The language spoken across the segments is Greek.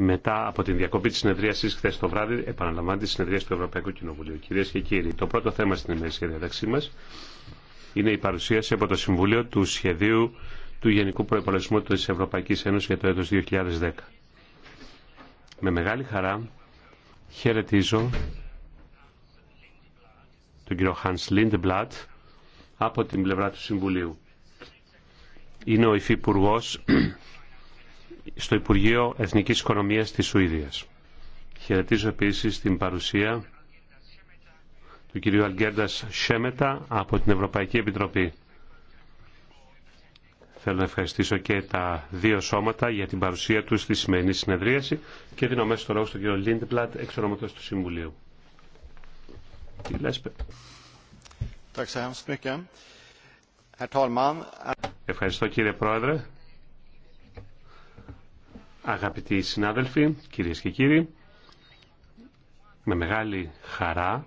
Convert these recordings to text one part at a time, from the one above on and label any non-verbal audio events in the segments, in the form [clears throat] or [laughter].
μετά από την διακοπή τη συνεδρίαση χθε το βράδυ, επαναλαμβάνει τη συνεδρίαση του Ευρωπαϊκού Κοινοβουλίου. Κυρίε και κύριοι, το πρώτο θέμα στην ημερήσια διαταξή μα είναι η παρουσίαση από το Συμβούλιο του Σχεδίου του Γενικού Προπολογισμού τη Ευρωπαϊκή Ένωση για το έτο 2010. Με μεγάλη χαρά χαιρετίζω τον κύριο Hans Lindblad από την πλευρά του Συμβουλίου. Είναι ο Υφυπουργός στο Υπουργείο Εθνικής Οικονομίας της Σουηδίας. Χαιρετίζω επίσης την παρουσία του κυρίου Αλγκέρντας Σέμετα από την Ευρωπαϊκή Επιτροπή. Θέλω να ευχαριστήσω και τα δύο σώματα για την παρουσία τους στη σημερινή συνεδρίαση και δίνω μέσα στο λόγο στον κύριο Λίντεπλατ, εξ ονόματος του Συμβουλίου. Ευχαριστώ κύριε Πρόεδρε. Αγαπητοί συνάδελφοι, κυρίες και κύριοι, με μεγάλη χαρά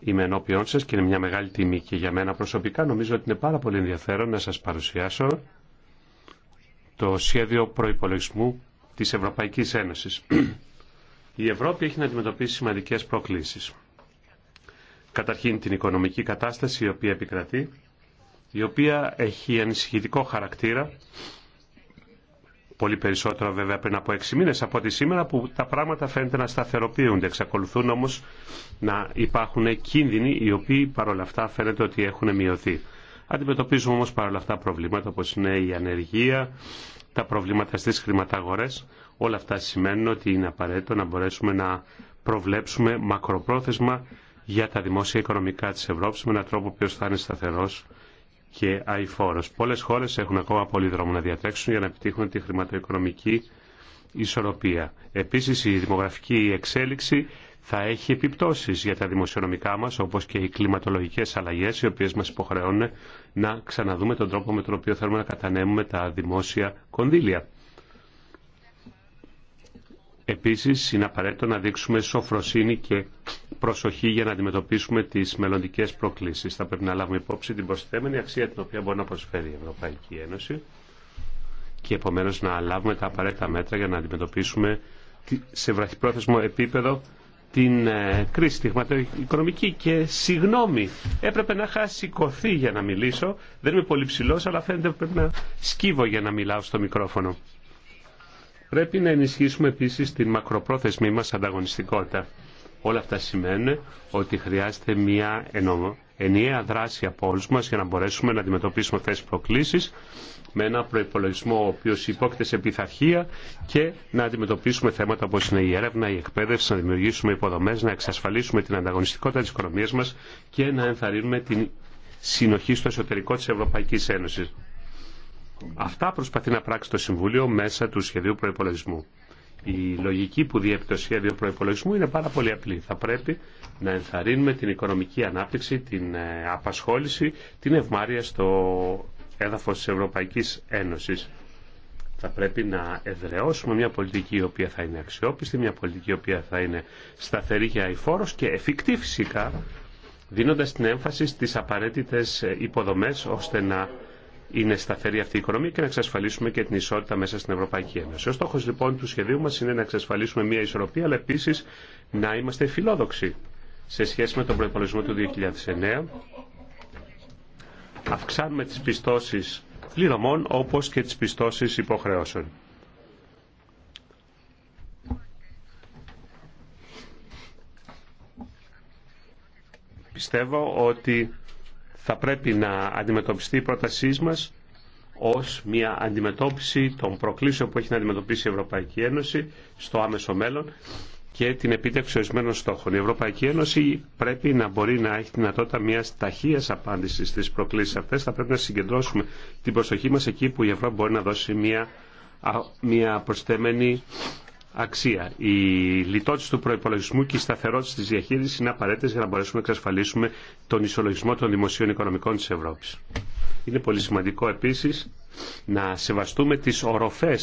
είμαι ενώπιόν σας και είναι μια μεγάλη τιμή και για μένα προσωπικά. Νομίζω ότι είναι πάρα πολύ ενδιαφέρον να σας παρουσιάσω το σχέδιο προϋπολογισμού της Ευρωπαϊκής Ένωσης. Η Ευρώπη έχει να αντιμετωπίσει σημαντικές προκλήσεις. Καταρχήν την οικονομική κατάσταση η οποία επικρατεί, η οποία έχει ανησυχητικό χαρακτήρα Πολύ περισσότερο βέβαια πριν από έξι μήνες από ότι σήμερα που τα πράγματα φαίνεται να σταθεροποιούνται. Εξακολουθούν όμως να υπάρχουν κίνδυνοι οι οποίοι παρόλα αυτά φαίνεται ότι έχουν μειωθεί. Αντιμετωπίζουμε όμως παρόλα αυτά προβλήματα όπως είναι η ανεργία, τα προβλήματα στις χρηματαγορές. Όλα αυτά σημαίνουν ότι είναι απαραίτητο να μπορέσουμε να προβλέψουμε μακροπρόθεσμα για τα δημόσια οικονομικά της Ευρώπης με έναν τρόπο που θα είναι σταθερός και αηφόρο. Πολλές χώρες έχουν ακόμα πολύ δρόμο να διατρέξουν για να επιτύχουν τη χρηματοοικονομική ισορροπία. Επίσης η δημογραφική εξέλιξη θα έχει επιπτώσεις για τα δημοσιονομικά μας όπως και οι κλιματολογικές αλλαγές οι οποίες μας υποχρεώνουν να ξαναδούμε τον τρόπο με τον οποίο θέλουμε να κατανέμουμε τα δημόσια κονδύλια. Επίσης, είναι απαραίτητο να δείξουμε σοφροσύνη και προσοχή για να αντιμετωπίσουμε τις μελλοντικές προκλήσεις. Θα πρέπει να λάβουμε υπόψη την προσθέμενη αξία την οποία μπορεί να προσφέρει η Ευρωπαϊκή Ένωση και επομένως να λάβουμε τα απαραίτητα μέτρα για να αντιμετωπίσουμε σε βραχυπρόθεσμο επίπεδο την ε, κρίση στιγματοοικονομική και συγγνώμη έπρεπε να είχα σηκωθεί για να μιλήσω δεν είμαι πολύ ψηλό, αλλά φαίνεται πρέπει να σκύβω για να μιλάω στο μικρόφωνο Πρέπει να ενισχύσουμε επίση την μακροπρόθεσμή μα ανταγωνιστικότητα. Όλα αυτά σημαίνουν ότι χρειάζεται μια ενιαία δράση από όλου μα για να μπορέσουμε να αντιμετωπίσουμε αυτέ τι προκλήσει με ένα προπολογισμό ο οποίο υπόκειται σε πειθαρχία και να αντιμετωπίσουμε θέματα όπω είναι η έρευνα, η εκπαίδευση, να δημιουργήσουμε υποδομέ, να εξασφαλίσουμε την ανταγωνιστικότητα τη οικονομία μα και να ενθαρρύνουμε την συνοχή στο εσωτερικό τη Ευρωπαϊκή Ένωση. Αυτά προσπαθεί να πράξει το Συμβούλιο μέσα του σχεδίου προπολογισμού. Η λογική που διέπει το σχέδιο προπολογισμού είναι πάρα πολύ απλή. Θα πρέπει να ενθαρρύνουμε την οικονομική ανάπτυξη, την ε, απασχόληση, την ευμάρεια στο έδαφο τη Ευρωπαϊκή Ένωση. Θα πρέπει να εδραιώσουμε μια πολιτική η οποία θα είναι αξιόπιστη, μια πολιτική η οποία θα είναι σταθερή και αηφόρο και εφικτή φυσικά, δίνοντα την έμφαση στι απαραίτητε ε, υποδομέ ώστε να είναι σταθερή αυτή η οικονομία και να εξασφαλίσουμε και την ισότητα μέσα στην Ευρωπαϊκή Ένωση. Ο στόχο λοιπόν του σχεδίου μα είναι να εξασφαλίσουμε μια ισορροπία, αλλά επίση να είμαστε φιλόδοξοι σε σχέση με τον προπολογισμό του 2009. Αυξάνουμε τι πιστώσει πληρωμών όπω και τι πιστώσει υποχρεώσεων. Πιστεύω ότι θα πρέπει να αντιμετωπιστεί η πρότασή μας ως μια αντιμετώπιση των προκλήσεων που έχει να αντιμετωπίσει η Ευρωπαϊκή Ένωση στο άμεσο μέλλον και την επίτευξη ορισμένων στόχων. Η Ευρωπαϊκή Ένωση πρέπει να μπορεί να έχει δυνατότητα μια ταχεία απάντηση στι προκλήσει αυτέ. Θα πρέπει να συγκεντρώσουμε την προσοχή μα εκεί που η Ευρώπη μπορεί να δώσει μια, μια προσθέμενη αξία. Η λιτότητα του προπολογισμού και η σταθερότητα τη διαχείριση είναι απαραίτητε για να μπορέσουμε να εξασφαλίσουμε τον ισολογισμό των δημοσίων οικονομικών τη Ευρώπη. Είναι πολύ σημαντικό επίση να σεβαστούμε τι οροφέ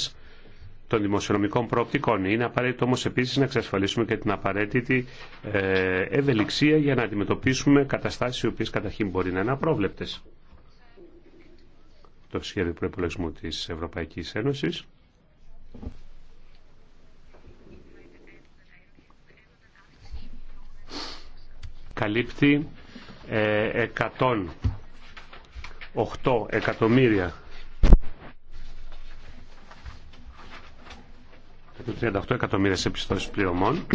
των δημοσιονομικών προοπτικών. Είναι απαραίτητο όμω επίση να εξασφαλίσουμε και την απαραίτητη ε, ευελιξία για να αντιμετωπίσουμε καταστάσει οι οποίε καταρχήν μπορεί να είναι απρόβλεπτε. Το σχέδιο προπολογισμού τη Ευρωπαϊκή Ένωση καλύπτει 108 ε, εκατομμύρια 38 εκατομμύρια σε πιστώσεις πληρωμών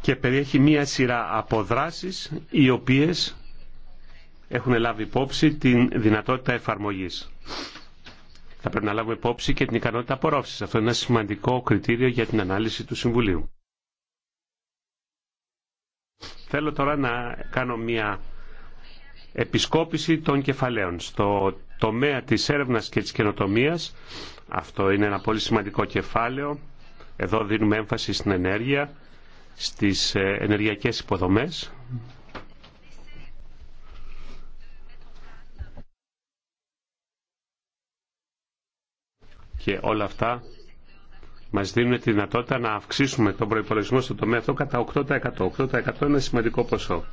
και περιέχει μία σειρά από δράσεις οι οποίες έχουν λάβει υπόψη την δυνατότητα εφαρμογής. Θα πρέπει να λάβουμε υπόψη και την ικανότητα απορρόφησης. Αυτό είναι ένα σημαντικό κριτήριο για την ανάλυση του Συμβουλίου. Θέλω τώρα να κάνω μια επισκόπηση των κεφαλαίων. Στο τομέα της έρευνας και της καινοτομίας, αυτό είναι ένα πολύ σημαντικό κεφάλαιο, εδώ δίνουμε έμφαση στην ενέργεια, στις ε, ενεργειακές υποδομές. Και όλα αυτά Μα δίνουν τη δυνατότητα να αυξήσουμε τον προϋπολογισμό στο τομέα αυτό κατά 8%. 8% είναι ένα σημαντικό ποσό.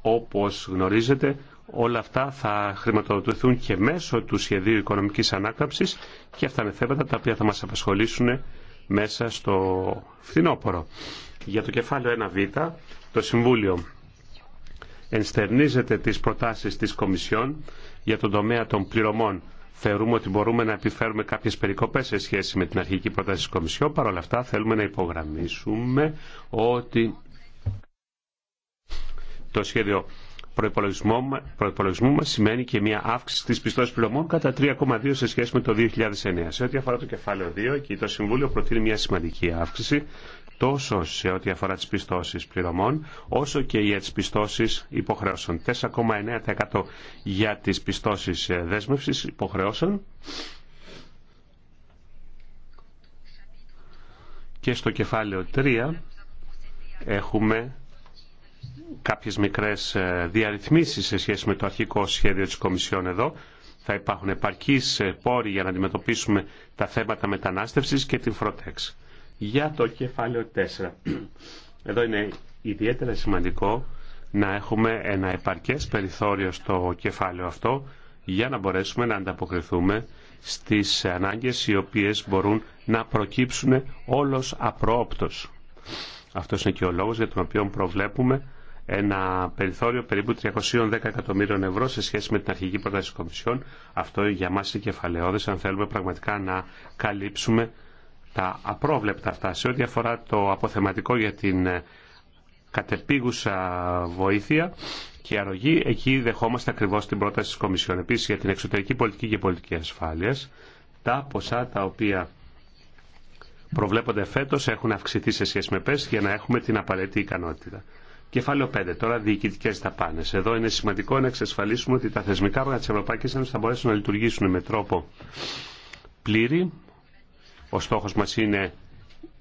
Όπως γνωρίζετε, όλα αυτά θα χρηματοδοτηθούν και μέσω του σχεδίου οικονομικής ανάκαμψης και αυτά είναι θέματα τα οποία θα μας απασχολήσουν μέσα στο φθινόπωρο. Για το κεφάλαιο 1β, το Συμβούλιο ενστερνίζεται τις προτάσεις της Κομισιόν για τον τομέα των πληρωμών θεωρούμε ότι μπορούμε να επιφέρουμε κάποιε περικοπέ σε σχέση με την αρχική πρόταση τη Κομισιόν. Παρ' όλα αυτά, θέλουμε να υπογραμμίσουμε ότι το σχέδιο προπολογισμού, μα σημαίνει και μια αύξηση τη πιστώση πληρωμών κατά 3,2 σε σχέση με το 2009. Σε ό,τι αφορά το κεφάλαιο 2, εκεί το Συμβούλιο προτείνει μια σημαντική αύξηση τόσο σε ό,τι αφορά τις πιστώσεις πληρωμών, όσο και για τις πιστώσεις υποχρεώσεων. 4,9% για τις πιστώσεις ε, δέσμευσης υποχρεώσεων. Και στο κεφάλαιο 3 έχουμε κάποιες μικρές ε, διαρρυθμίσεις σε σχέση με το αρχικό σχέδιο της Κομισιόν εδώ. Θα υπάρχουν επαρκείς ε, πόροι για να αντιμετωπίσουμε τα θέματα μετανάστευσης και την Frontex για το κεφάλαιο 4. [clears throat] Εδώ είναι ιδιαίτερα σημαντικό να έχουμε ένα επαρκές περιθώριο στο κεφάλαιο αυτό για να μπορέσουμε να ανταποκριθούμε στις ανάγκες οι οποίες μπορούν να προκύψουν όλος απρόοπτος. Αυτός είναι και ο λόγος για τον οποίο προβλέπουμε ένα περιθώριο περίπου 310 εκατομμύριων ευρώ σε σχέση με την αρχική πρόταση της Κομισιόν. Αυτό για μας είναι κεφαλαιόδες αν θέλουμε πραγματικά να καλύψουμε τα απρόβλεπτα αυτά. Σε ό,τι αφορά το αποθεματικό για την ε, κατεπίγουσα βοήθεια και αρρωγή, εκεί δεχόμαστε ακριβώ την πρόταση τη Κομισιόν. Επίση, για την εξωτερική πολιτική και πολιτική ασφάλεια, τα ποσά τα οποία προβλέπονται φέτο έχουν αυξηθεί σε σχέση με πέρσι για να έχουμε την απαραίτητη ικανότητα. Κεφάλαιο 5. Τώρα διοικητικέ δαπάνε. Εδώ είναι σημαντικό να εξασφαλίσουμε ότι τα θεσμικά όργανα τη Ευρωπαϊκή Ένωση θα μπορέσουν να λειτουργήσουν με τρόπο πλήρη, ο στόχος μας είναι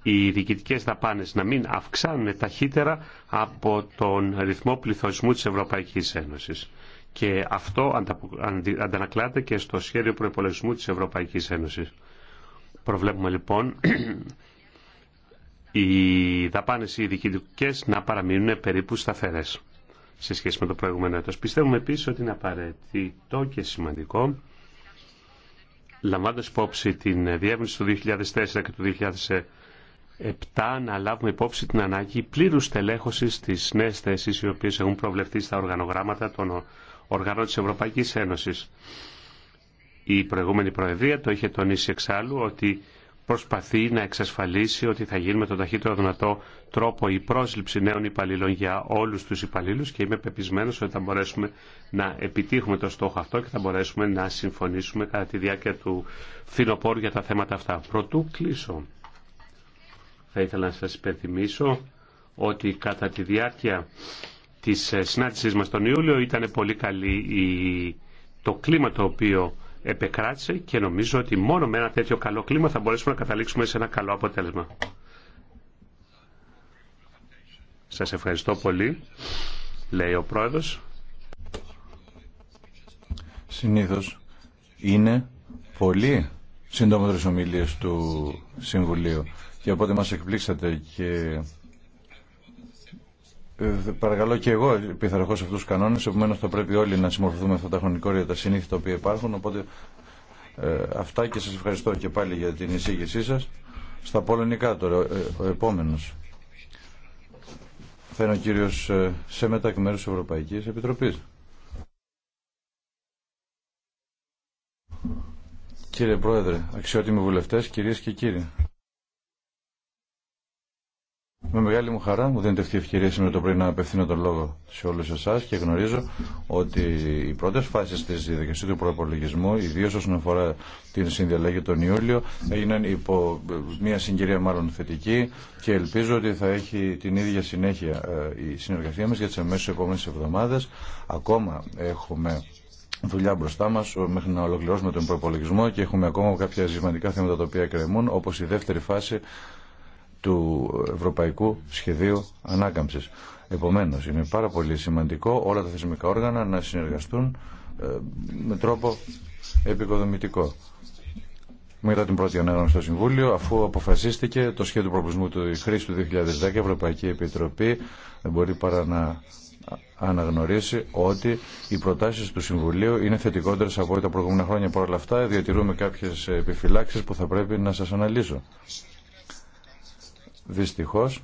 οι διοικητικέ δαπάνες να μην αυξάνουν ταχύτερα από τον ρυθμό πληθωρισμού της Ευρωπαϊκής Ένωσης. Και αυτό αντανακλάται και στο σχέδιο προϋπολογισμού της Ευρωπαϊκής Ένωσης. Προβλέπουμε λοιπόν οι δαπάνες οι διοικητικέ να παραμείνουν περίπου σταθερές σε σχέση με το προηγούμενο έτος. Πιστεύουμε επίσης ότι είναι απαραίτητο και σημαντικό λαμβάνοντας υπόψη την διεύρυνση του 2004 και του 2007, να λάβουμε υπόψη την ανάγκη πλήρους τελέχωσης στις νέες θέσεις οι οποίες έχουν προβλεφθεί στα οργανογράμματα των οργάνων της Ευρωπαϊκής Ένωσης. Η προηγούμενη Προεδρία το είχε τονίσει εξάλλου ότι προσπαθεί να εξασφαλίσει ότι θα γίνει με τον ταχύτερο δυνατό τρόπο η πρόσληψη νέων υπαλλήλων για όλου του υπαλλήλου και είμαι πεπισμένο ότι θα μπορέσουμε να επιτύχουμε το στόχο αυτό και θα μπορέσουμε να συμφωνήσουμε κατά τη διάρκεια του φθινοπόρου για τα θέματα αυτά. Πρωτού κλείσω. Θα ήθελα να σα υπενθυμίσω ότι κατά τη διάρκεια της συνάντησής μας τον Ιούλιο ήταν πολύ καλή το κλίμα το οποίο επεκράτησε και νομίζω ότι μόνο με ένα τέτοιο καλό κλίμα θα μπορέσουμε να καταλήξουμε σε ένα καλό αποτέλεσμα. Σας ευχαριστώ πολύ, λέει ο πρόεδρος. Συνήθως είναι πολύ σύντομες ομιλίες του Συμβουλίου και οπότε μας εκπλήξατε και ε, παρακαλώ και εγώ πειθαρχώ σε αυτού του κανόνε. Επομένω, θα πρέπει όλοι να συμμορφωθούμε αυτά τα χρονικόρια τα συνήθεια τα οποία υπάρχουν. Οπότε, ε, αυτά και σα ευχαριστώ και πάλι για την εισήγησή σα. Στα πολωνικά τώρα, ε, ο επόμενο. Θα είναι ο κύριο ε, Σέμετα εκ μέρου Ευρωπαϊκή Επιτροπή. Κύριε Πρόεδρε, αξιότιμοι βουλευτέ, κυρίε και κύριοι. Με μεγάλη μου χαρά μου δίνετε αυτή η ευκαιρία σήμερα το πρωί να απευθύνω τον λόγο σε όλου εσά και γνωρίζω ότι οι πρώτε φάσει τη διαδικασία του προπολογισμού, ιδίω όσον αφορά την συνδιαλέγη τον Ιούλιο, έγιναν υπό ε, μια συγκυρία μάλλον θετική και ελπίζω ότι θα έχει την ίδια συνέχεια ε, η συνεργασία μα για τι αμέσω επόμενε εβδομάδε. Ακόμα έχουμε δουλειά μπροστά μα μέχρι να ολοκληρώσουμε τον προπολογισμό και έχουμε ακόμα κάποια ζηματικά θέματα τα οποία κρεμούν, όπω η δεύτερη φάση του Ευρωπαϊκού Σχεδίου Ανάκαμψης. Επομένως, είναι πάρα πολύ σημαντικό όλα τα θεσμικά όργανα να συνεργαστούν ε, με τρόπο επικοδομητικό. Μετά την πρώτη ανάγνωση στο Συμβούλιο, αφού αποφασίστηκε το σχέδιο προπλησμού του χρήση του 2010, η Ευρωπαϊκή Επιτροπή δεν μπορεί παρά να αναγνωρίσει ότι οι προτάσεις του Συμβουλίου είναι θετικότερες από ό,τι τα προηγούμενα χρόνια. Παρ' όλα αυτά, διατηρούμε κάποιες επιφυλάξεις που θα πρέπει να σας αναλύσω. Δυστυχώς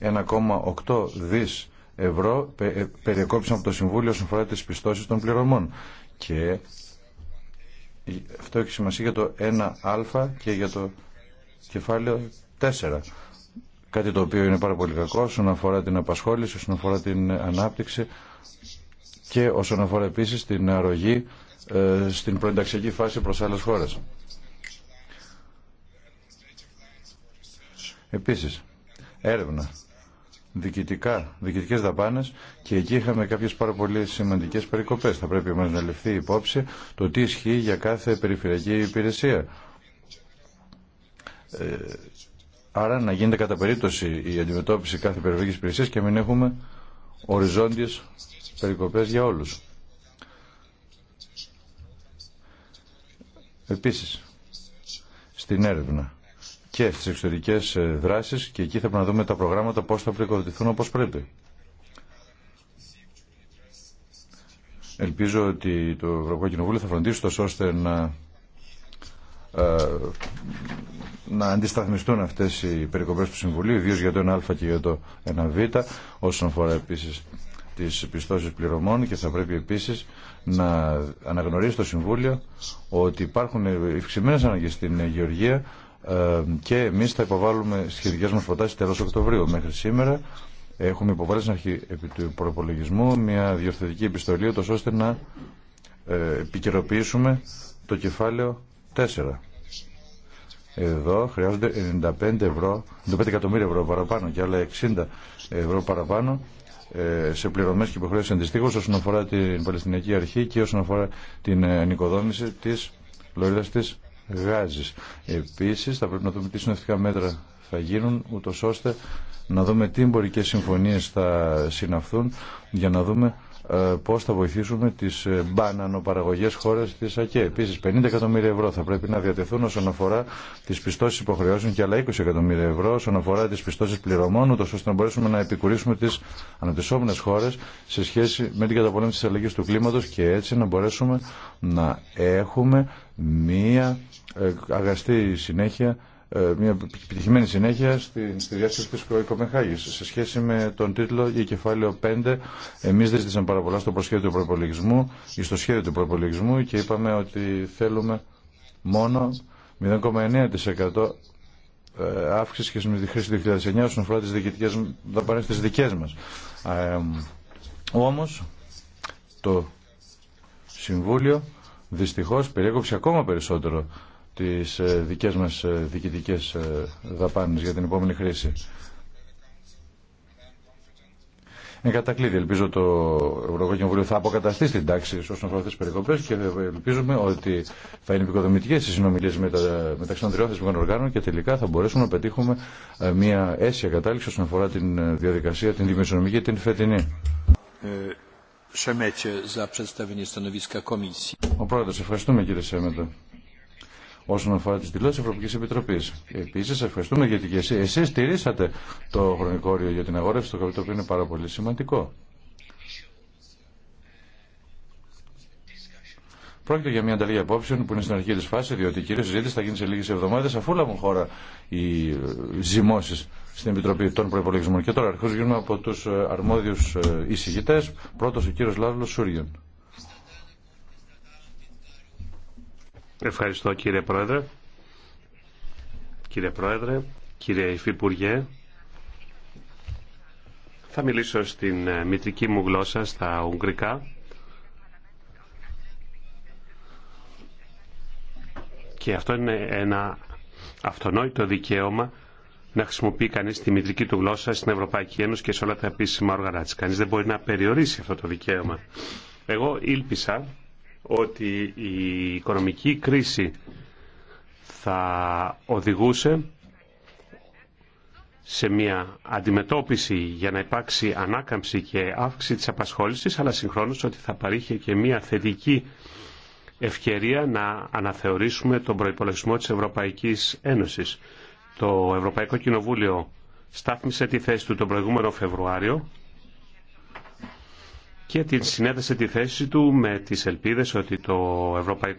1,8 δις ευρώ ε, περικόψαν από το Συμβούλιο όσον αφορά τις πιστώσεις των πληρωμών. Και αυτό έχει σημασία για το 1α και για το κεφάλαιο 4. Κάτι το οποίο είναι πάρα πολύ κακό όσον αφορά την απασχόληση, όσον αφορά την ανάπτυξη και όσον αφορά επίσης την αρρωγή ε, στην προενταξιακή φάση προς άλλες χώρες. Επίσης, έρευνα, διοικητικά, διοικητικές δαπάνες και εκεί είχαμε κάποιες πάρα πολύ σημαντικές περικοπές. Θα πρέπει μας να ληφθεί υπόψη το τι ισχύει για κάθε περιφερειακή υπηρεσία. Ε, άρα να γίνεται κατά περίπτωση η αντιμετώπιση κάθε περιφερειακής υπηρεσίας και μην έχουμε οριζόντιες περικοπές για όλους. Επίσης, στην έρευνα και στις εξωτερικές ε, δράσεις και εκεί θα πρέπει να δούμε τα προγράμματα πώς θα πρικοδοτηθούν όπως πρέπει. Ελπίζω ότι το Ευρωπαϊκό Κοινοβούλιο θα φροντίσει τόσο ώστε να, ε, να αντισταθμιστούν αυτές οι περικοπές του Συμβουλίου, ιδίω για το 1α και για το 1β, όσον αφορά επίσης τις πιστώσεις πληρωμών και θα πρέπει επίσης να αναγνωρίσει το Συμβούλιο ότι υπάρχουν ευξημένες ανάγκες στην Γεωργία ε, και εμεί θα υποβάλουμε σχετικέ μα προτάσει τέλο Οκτωβρίου. Μέχρι σήμερα έχουμε υποβάλει στην αρχή επί του προπολογισμού μια διορθωτική επιστολή ώστε να ε, επικαιροποιήσουμε το κεφάλαιο 4. Εδώ χρειάζονται 95, ευρώ, 95 εκατομμύρια ευρώ παραπάνω και άλλα 60 ευρώ παραπάνω ε, σε πληρωμές και υποχρεώσεις αντιστοίχως όσον αφορά την Παλαιστινιακή Αρχή και όσον αφορά την ενοικοδόμηση της Λωρίδας της γάζης. Επίσης θα πρέπει να δούμε τι συνοδευτικά μέτρα θα γίνουν ούτως ώστε να δούμε τι εμπορικές συμφωνίες θα συναυθούν για να δούμε ε, πώς θα βοηθήσουμε τις ε, μπανανοπαραγωγές χώρες της ΑΚΕ. Επίσης 50 εκατομμύρια ευρώ θα πρέπει να διατεθούν όσον αφορά τις πιστώσεις υποχρεώσεων και άλλα 20 εκατομμύρια ευρώ όσον αφορά τις πιστώσεις πληρωμών ούτως ώστε να μπορέσουμε να επικουρήσουμε τις αναπτυσσόμενες χώρες σε σχέση με την καταπολέμηση της αλλαγής του κλίματος και έτσι να μπορέσουμε να έχουμε μία ε, αγαστή συνέχεια, ε, μια επιτυχημένη συνέχεια στη διάσκεψη της Κοπενχάγης. Σε σχέση με τον τίτλο ή κεφάλαιο 5, εμείς δεν ζητήσαμε πάρα πολλά στο προσχέδιο του προπολογισμού ή στο σχέδιο του προπολογισμού και είπαμε ότι θέλουμε μόνο 0,9% ε, αύξηση σχέση με τη χρήση του 2009 όσον αφορά τις διοικητικές δαπανές τις δικές μας. Ε, όμως, το Συμβούλιο δυστυχώς περιέκοψε ακόμα περισσότερο τις ε, δικές μας ε, διοικητικές ε, δαπάνες για την επόμενη χρήση. Εν κατακλείδη, ελπίζω το Ευρωπαϊκό Κοινοβούλιο θα αποκαταστήσει την τάξη όσον αφορά αυτέ τι περικοπέ και ελπίζουμε ότι θα είναι επικοδομητικέ οι συνομιλίε μεταξύ των τριών οργάνων και τελικά θα μπορέσουμε να πετύχουμε μια αίσια κατάληξη όσον αφορά την διαδικασία, την δημοσιονομική και την φετινή. Ο πρόεδρος, ευχαριστούμε κύριε Σέμετα όσον αφορά τι δηλώσει τη Ευρωπαϊκή Επιτροπής. Επίσης, ευχαριστούμε γιατί και εσεί εσείς στηρίσατε το χρονικό όριο για την αγόρευση το οποίο είναι πάρα πολύ σημαντικό. Πρόκειται για μια ανταλλαγή απόψεων που είναι στην αρχή τη φάση, διότι η κυρία συζήτηση θα γίνει σε λίγε εβδομάδε αφού λάβουν χώρα οι ε, ζυμώσει στην Επιτροπή των Προπολογισμών. Και τώρα αρχίζουμε από του ε, αρμόδιου ε, εισηγητέ. Πρώτο ο κύριο Λάβλο Σούριον. Ευχαριστώ κύριε Πρόεδρε. Κύριε Πρόεδρε, κύριε Υφυπουργέ, θα μιλήσω στην ε, μητρική μου γλώσσα, στα Ουγγρικά. Και αυτό είναι ένα αυτονόητο δικαίωμα να χρησιμοποιεί κανείς τη μητρική του γλώσσα στην Ευρωπαϊκή Ένωση και σε όλα τα επίσημα όργανα της. Κανείς δεν μπορεί να περιορίσει αυτό το δικαίωμα. Εγώ ήλπισα ότι η οικονομική κρίση θα οδηγούσε σε μια αντιμετώπιση για να υπάρξει ανάκαμψη και αύξηση της απασχόλησης, αλλά συγχρόνως ότι θα παρήχε και μια θετική ευκαιρία να αναθεωρήσουμε τον προϋπολογισμό της Ευρωπαϊκής Ένωσης. Το Ευρωπαϊκό Κοινοβούλιο στάθμισε τη θέση του τον προηγούμενο Φεβρουάριο και την συνέδεσε τη θέση του με τις ελπίδες ότι το,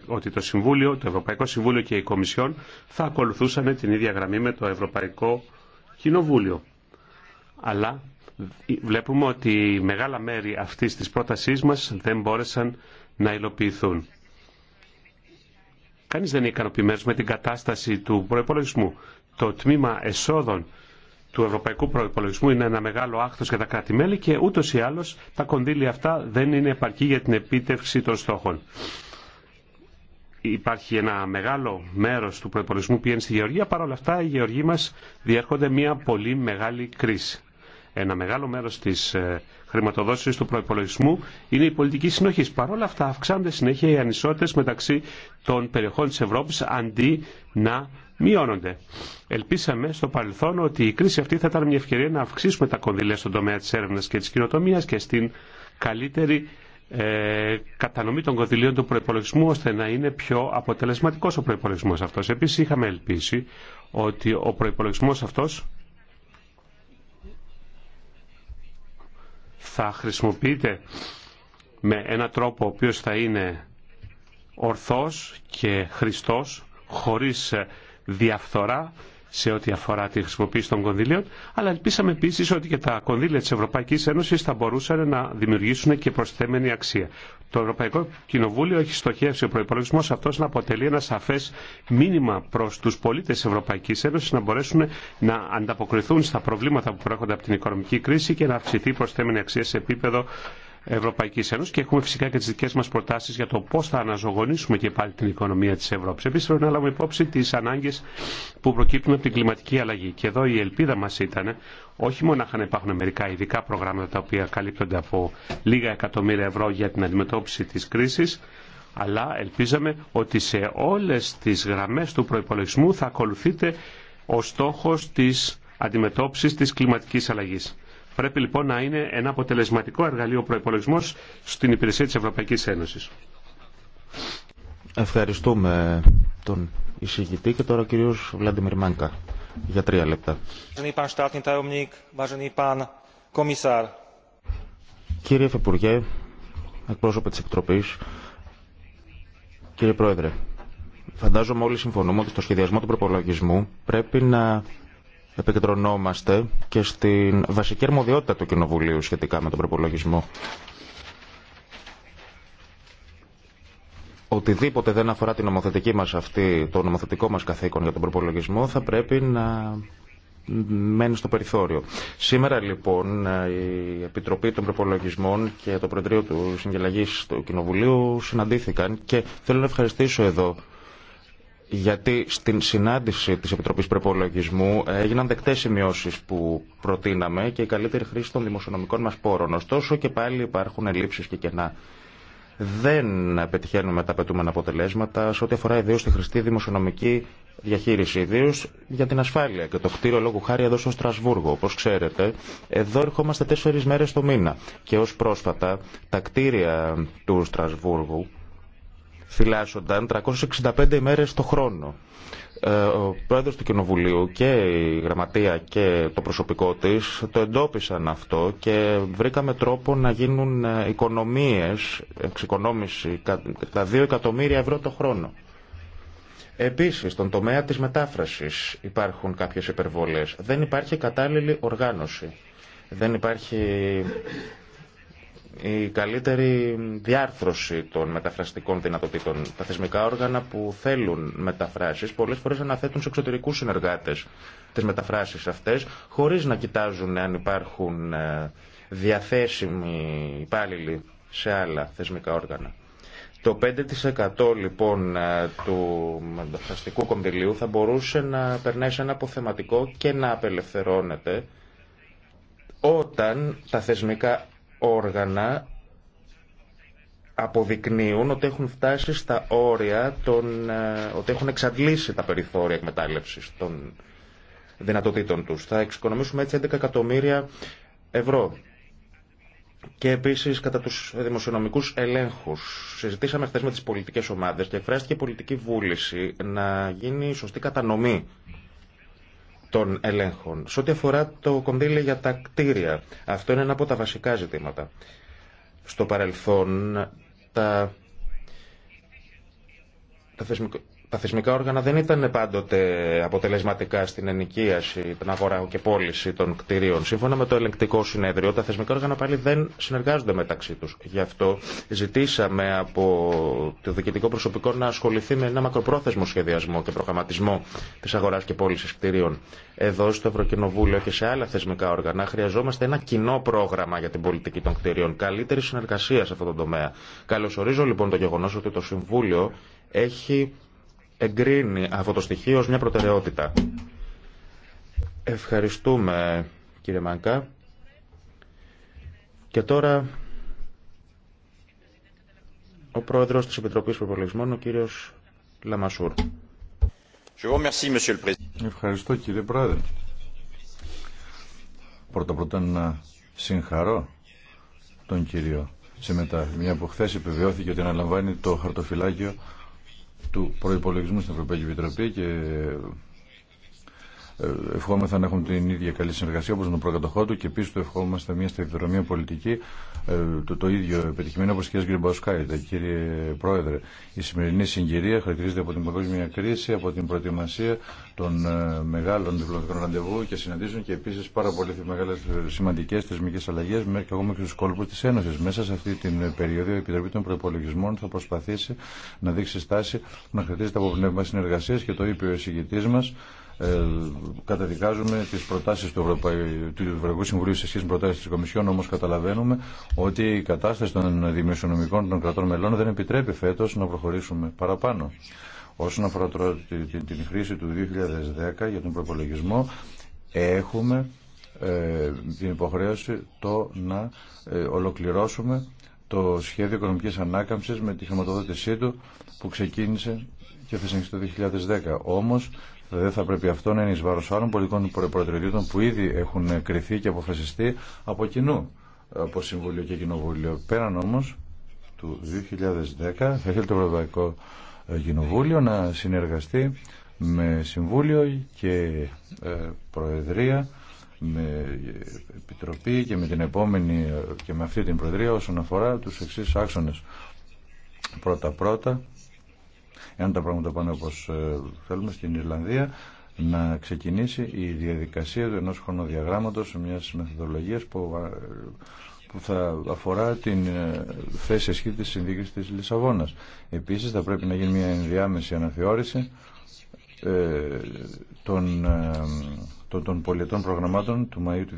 το, Ευρωπαϊκό Συμβούλιο και η Κομισιόν θα ακολουθούσαν την ίδια γραμμή με το Ευρωπαϊκό Κοινοβούλιο. Αλλά βλέπουμε ότι μεγάλα μέρη αυτής της πρότασής μας δεν μπόρεσαν να υλοποιηθούν. Κανείς δεν είναι ικανοποιημένος με την κατάσταση του προϋπολογισμού. Το τμήμα εσόδων του ευρωπαϊκού προπολογισμού είναι ένα μεγάλο άχθος για τα κράτη-μέλη και ούτω ή άλλω τα κονδύλια αυτά δεν είναι επαρκή για την επίτευξη των στόχων. Υπάρχει ένα μεγάλο μέρος του προπολογισμού που πηγαίνει στη Γεωργία, παρόλα αυτά οι Γεωργοί μας διέρχονται μια πολύ μεγάλη κρίση ένα μεγάλο μέρος της ε, χρηματοδότηση του προπολογισμού είναι η πολιτική συνοχή. Παρ' όλα αυτά αυξάνονται συνέχεια οι ανισότητε μεταξύ των περιοχών τη Ευρώπη, αντί να μειώνονται. Ελπίσαμε στο παρελθόν ότι η κρίση αυτή θα ήταν μια ευκαιρία να αυξήσουμε τα κονδύλια στον τομέα τη έρευνα και τη κοινοτομία και στην καλύτερη ε, κατανομή των κονδυλίων του προπολογισμού ώστε να είναι πιο αποτελεσματικό ο προπολογισμό αυτό. Επίση είχαμε ελπίσει ότι ο προπολογισμό αυτό. θα χρησιμοποιείται με ένα τρόπο ο οποίος θα είναι ορθός και χριστός, χωρίς διαφθορά σε ό,τι αφορά τη χρησιμοποίηση των κονδυλίων, αλλά ελπίσαμε επίση ότι και τα κονδύλια τη Ευρωπαϊκή Ένωση θα μπορούσαν να δημιουργήσουν και προσθέμενη αξία. Το Ευρωπαϊκό Κοινοβούλιο έχει στοχεύσει ο προπολογισμό αυτό να αποτελεί ένα σαφέ μήνυμα προ του πολίτε τη Ευρωπαϊκή Ένωση να μπορέσουν να ανταποκριθούν στα προβλήματα που προέρχονται από την οικονομική κρίση και να αυξηθεί η προσθέμενη αξία σε επίπεδο Ευρωπαϊκή Ένωση και έχουμε φυσικά και τι δικέ μα προτάσει για το πώ θα αναζωογονήσουμε και πάλι την οικονομία τη Ευρώπη. Επίση, πρέπει να λάβουμε υπόψη τι ανάγκε που προκύπτουν από την κλιματική αλλαγή. Και εδώ η ελπίδα μα ήταν όχι μόνο να υπάρχουν μερικά ειδικά προγράμματα τα οποία καλύπτονται από λίγα εκατομμύρια ευρώ για την αντιμετώπιση τη κρίση, αλλά ελπίζαμε ότι σε όλε τι γραμμέ του προπολογισμού θα ακολουθείται ο στόχο τη αντιμετώπιση τη κλιματική αλλαγή. Πρέπει λοιπόν να είναι ένα αποτελεσματικό εργαλείο προπολογισμό στην υπηρεσία τη Ευρωπαϊκή Ένωση. Ευχαριστούμε τον εισηγητή και τώρα ο κύριος Βλάντιμιρ Μάνκα για τρία λεπτά. Κύριε Φεπουργέ, εκπρόσωπε τη Επιτροπή, κύριε Πρόεδρε, φαντάζομαι όλοι συμφωνούμε ότι στο σχεδιασμό του προπολογισμού πρέπει να επικεντρωνόμαστε και στην βασική αρμοδιότητα του Κοινοβουλίου σχετικά με τον προπολογισμό. Οτιδήποτε δεν αφορά την νομοθετική μας αυτή, το νομοθετικό μας καθήκον για τον προπολογισμό θα πρέπει να μένει στο περιθώριο. Σήμερα λοιπόν η Επιτροπή των Προπολογισμών και το Προεδρείο του Συγγελαγής του Κοινοβουλίου συναντήθηκαν και θέλω να ευχαριστήσω εδώ γιατί στην συνάντηση της Επιτροπής Προπολογισμού έγιναν δεκτές σημειώσεις που προτείναμε και η καλύτερη χρήση των δημοσιονομικών μας πόρων. Ωστόσο και πάλι υπάρχουν ελλείψεις και κενά. Δεν πετυχαίνουμε τα απαιτούμενα αποτελέσματα σε ό,τι αφορά ιδίω τη χρηστή δημοσιονομική διαχείριση, ιδίω για την ασφάλεια και το κτίριο λόγου χάρη εδώ στο Στρασβούργο. Όπω ξέρετε, εδώ ερχόμαστε τέσσερι μέρε το μήνα και ω πρόσφατα τα κτίρια του Στρασβούργου φυλάσσονταν 365 ημέρες το χρόνο. Ε, ο πρόεδρος του Κοινοβουλίου και η γραμματεία και το προσωπικό της το εντόπισαν αυτό και βρήκαμε τρόπο να γίνουν ε, οικονομίες, εξοικονόμηση τα 2 εκατομμύρια ευρώ το χρόνο. Επίσης, στον τομέα της μετάφρασης υπάρχουν κάποιες υπερβολές. Δεν υπάρχει κατάλληλη οργάνωση. Δεν υπάρχει η καλύτερη διάρθρωση των μεταφραστικών δυνατοτήτων. Τα θεσμικά όργανα που θέλουν μεταφράσεις πολλές φορές αναθέτουν σε εξωτερικούς συνεργάτες τις μεταφράσεις αυτές χωρίς να κοιτάζουν αν υπάρχουν ε, διαθέσιμοι υπάλληλοι σε άλλα θεσμικά όργανα. Το 5% λοιπόν ε, του μεταφραστικού κονδυλίου θα μπορούσε να περνάει σε ένα αποθεματικό και να απελευθερώνεται όταν τα θεσμικά όργανα αποδεικνύουν ότι έχουν φτάσει στα όρια, των, ε, ότι έχουν εξαντλήσει τα περιθώρια εκμετάλλευσης των δυνατοτήτων τους. Θα εξοικονομήσουμε έτσι 11 εκατομμύρια ευρώ. Και επίση κατά του δημοσιονομικού ελέγχου. Συζητήσαμε χθε με τι πολιτικέ ομάδε και εκφράστηκε πολιτική βούληση να γίνει σωστή κατανομή των ελέγχων. Σε ό,τι αφορά το κονδύλι για τα κτίρια, αυτό είναι ένα από τα βασικά ζητήματα. Στο παρελθόν, τα, τα θεσμικό τα θεσμικά όργανα δεν ήταν πάντοτε αποτελεσματικά στην ενοικίαση, την αγορά και πώληση των κτηρίων. Σύμφωνα με το ελεγκτικό συνέδριο, τα θεσμικά όργανα πάλι δεν συνεργάζονται μεταξύ του. Γι' αυτό ζητήσαμε από το διοικητικό προσωπικό να ασχοληθεί με ένα μακροπρόθεσμο σχεδιασμό και προγραμματισμό τη αγορά και πώληση κτηρίων. Εδώ στο Ευρωκοινοβούλιο και σε άλλα θεσμικά όργανα χρειαζόμαστε ένα κοινό πρόγραμμα για την πολιτική των κτηρίων. Καλύτερη συνεργασία σε αυτό το τομέα. Καλωσορίζω λοιπόν το γεγονό ότι το Συμβούλιο έχει εγκρίνει αυτό το στοιχείο ως μια προτεραιότητα. Ευχαριστούμε κύριε Μάνκα. Και τώρα ο πρόεδρος της Επιτροπής Προπολογισμών, ο κύριος Λαμασούρ. Ευχαριστώ κύριε Πρόεδρε. Πρώτα πρώτα να συγχαρώ τον κύριο Σεμετά, μια που χθε επιβεβαιώθηκε ότι αναλαμβάνει το χαρτοφυλάκιο του προπολογισμού στην Ευρωπαϊκή Επιτροπή και Ευχόμεθα να έχουμε την ίδια καλή συνεργασία όπως τον προκατοχό του και επίση του ευχόμαστε μια σταθεροδρομία πολιτική ε, το, το ίδιο επιτυχημένο όπως και Γκριμπασκάιτα. Κύριε Πρόεδρε, η σημερινή συγκυρία χαρακτηρίζεται από την παγκόσμια κρίση, από την προετοιμασία των ε, μεγάλων διπλωματικών ραντεβού και συναντήσεων και επίση πάρα πολύ μεγάλε σημαντικέ θεσμικέ αλλαγέ μέχρι και ακόμα και στου κόλπου τη Ένωση. Μέσα σε αυτή την περίοδο η Επιτροπή των Προπολογισμών θα προσπαθήσει να δείξει στάση να κρατήσει από πνεύμα συνεργασία και το είπε ο εισηγητή μα ε, καταδικάζουμε τι προτάσει του Ευρωπαϊκού, του Ευρωπαϊκού Συμβουλίου σε σχέση με προτάσει τη Κομισιόν, Όμω καταλαβαίνουμε ότι η κατάσταση των δημοσιονομικών των κρατών μελών δεν επιτρέπει φέτο να προχωρήσουμε παραπάνω. Όσον αφορά την χρήση του 2010 για τον προπολογισμό, έχουμε ε, την υποχρέωση το να ε, ολοκληρώσουμε το σχέδιο οικονομικής ανάκαμψης με τη χρηματοδότησή του που ξεκίνησε και θα συνεχίσει το 2010. Όμως δεν θα πρέπει αυτό να είναι εις βάρος άλλων πολιτικών προτεραιοτήτων που ήδη έχουν κρυθεί και αποφασιστεί από κοινού, από Συμβούλιο και Κοινοβούλιο. Πέραν όμως του 2010 θα ήθελε το Ευρωπαϊκό ε, Κοινοβούλιο να συνεργαστεί με Συμβούλιο και ε, Προεδρία με ε, Επιτροπή και με την επόμενη και με αυτή την Προεδρία όσον αφορά τους εξής άξονες. Πρώτα-πρώτα εάν τα πράγματα πάνε όπως ε, θέλουμε στην Ιρλανδία, να ξεκινήσει η διαδικασία του ενός χρονοδιαγράμματος, μιας μεθοδολογίας που, ε, θα αφορά την ε, θέση ισχύ της συνδίκης της Λισαβόνας. Επίσης θα πρέπει να γίνει μια ενδιάμεση αναθεώρηση ε, ε, των, των πολιτών προγραμμάτων του Μαΐου του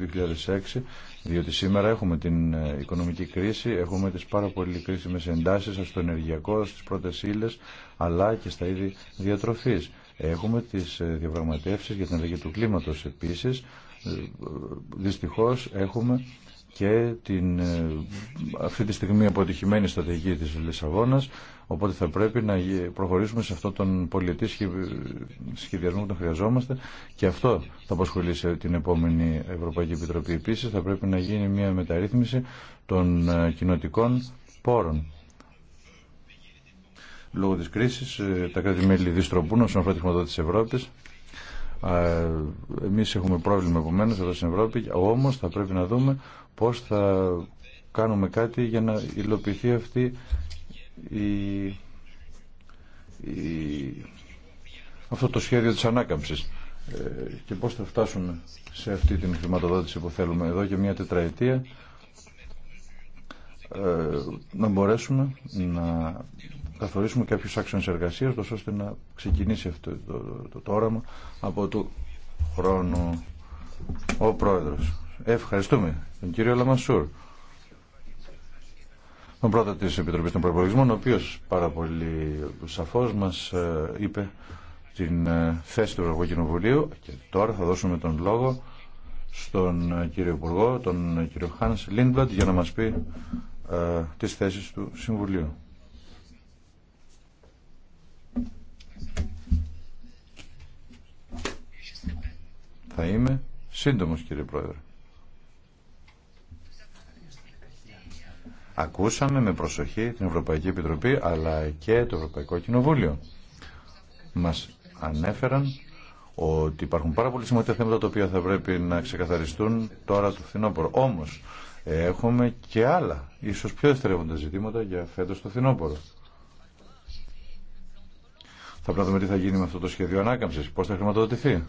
2006 διότι σήμερα έχουμε την ε, οικονομική κρίση, έχουμε τις πάρα πολύ κρίσιμες εντάσεις στο ενεργειακό, στις πρώτες ύλες, αλλά και στα είδη διατροφής. Έχουμε τις διαπραγματεύσεις για την αλλαγή του κλίματος επίσης. Δυστυχώς έχουμε και την ε, αυτή τη στιγμή αποτυχημένη στρατηγική της Λισαβόνας οπότε θα πρέπει να προχωρήσουμε σε αυτόν τον πολιτή σχεδιασμό που τον χρειαζόμαστε και αυτό θα απασχολήσει την επόμενη Ευρωπαϊκή Επιτροπή επίσης θα πρέπει να γίνει μια μεταρρύθμιση των ε, κοινοτικών πόρων Λόγω της κρίσης ε, τα κράτη-μέλη διστροπούν όσον αφορά τη χρηματοδότηση της Ευρώπης εμείς έχουμε πρόβλημα επομένως εδώ στην Ευρώπη, όμως θα πρέπει να δούμε πώς θα κάνουμε κάτι για να υλοποιηθεί αυτή η, αυτό το σχέδιο της ανάκαμψης ε, και πώς θα φτάσουμε σε αυτή την χρηματοδότηση που θέλουμε εδώ και μια τετραετία ε, να μπορέσουμε να καθορίσουμε κάποιους άξονες εργασίας ώστε να ξεκινήσει αυτό το, το, το, το όραμα από του χρόνου ο Πρόεδρος. Ευχαριστούμε τον κύριο Λαμασούρ, τον πρώτο τη Επιτροπή των Προπολογισμών, ο οποίο πάρα πολύ σαφώς μας ε, είπε την ε, θέση του Ευρωπαϊκού και τώρα θα δώσουμε τον λόγο στον ε, κύριο Υπουργό, τον κύριο Χάν Λίνμπλαντ, για να μας πει ε, τις θέσεις του Συμβουλίου. Θα είμαι σύντομος κύριε Πρόεδρε. Ακούσαμε με προσοχή την Ευρωπαϊκή Επιτροπή αλλά και το Ευρωπαϊκό Κοινοβούλιο. Μας ανέφεραν ότι υπάρχουν πάρα πολύ σημαντικά θέματα τα οποία θα πρέπει να ξεκαθαριστούν τώρα το φθινόπωρο. Όμως έχουμε και άλλα, ίσως πιο δευτερεύοντα ζητήματα για φέτος το φθινόπωρο. Θα πρέπει να δούμε τι θα γίνει με αυτό το σχέδιο ανάκαμψης, πώς θα χρηματοδοτηθεί.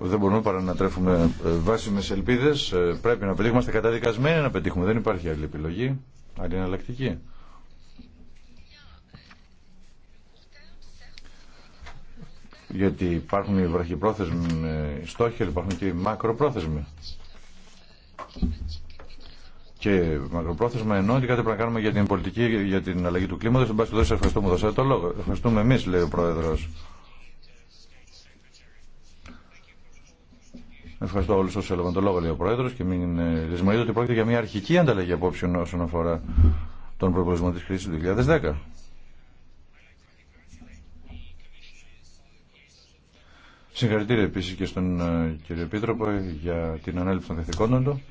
δεν μπορούμε παρά να τρέφουμε ε, βάσιμες ελπίδες. Ε, πρέπει να πετύχουμε, καταδικασμένοι να πετύχουμε. Δεν υπάρχει άλλη επιλογή, άλλη εναλλακτική. Γιατί υπάρχουν οι βραχυπρόθεσμοι στόχοι, αλλά υπάρχουν και οι μακροπρόθεσμοι. Και μακροπρόθεσμα εννοώ ότι κάτι πρέπει να κάνουμε για την πολιτική, για την αλλαγή του κλίματο. Εν πάση ευχαριστούμε. Δώσατε το λόγο. Ευχαριστούμε εμεί, λέει ο Πρόεδρο. Ευχαριστώ όλου όσου έλαβαν το λόγο, λέει ο Πρόεδρο, και μην ε, δυσμονείτε ότι πρόκειται για μια αρχική ανταλλαγή απόψεων όσον αφορά τον προπολογισμό τη κρίση του 2010. Συγχαρητήρια επίση και στον ε, κύριο Επίτροπο για την ανάληψη των καθηκόντων του.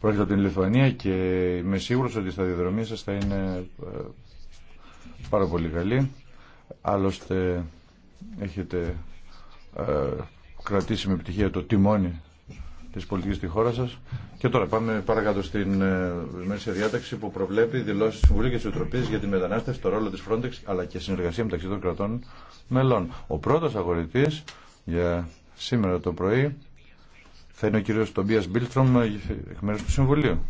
Πρόκειται από την Λιθουανία και είμαι σίγουρο ότι η σταδιοδρομία σα θα είναι ε, πάρα πολύ καλή. Άλλωστε, έχετε ε, κρατήσει με επιτυχία το τιμόνι της πολιτικής της χώρα σας. Και τώρα πάμε παρακάτω στην ε, διάταξη που προβλέπει δηλώσεις του Συμβουλίου και της για τη μετανάστευση, το ρόλο της Frontex αλλά και συνεργασία μεταξύ των κρατών μελών. Ο πρώτος αγορητής για σήμερα το πρωί θα είναι ο κύριος Τομπίας Μπίλτρομ ε, εκ μέρους του Συμβουλίου.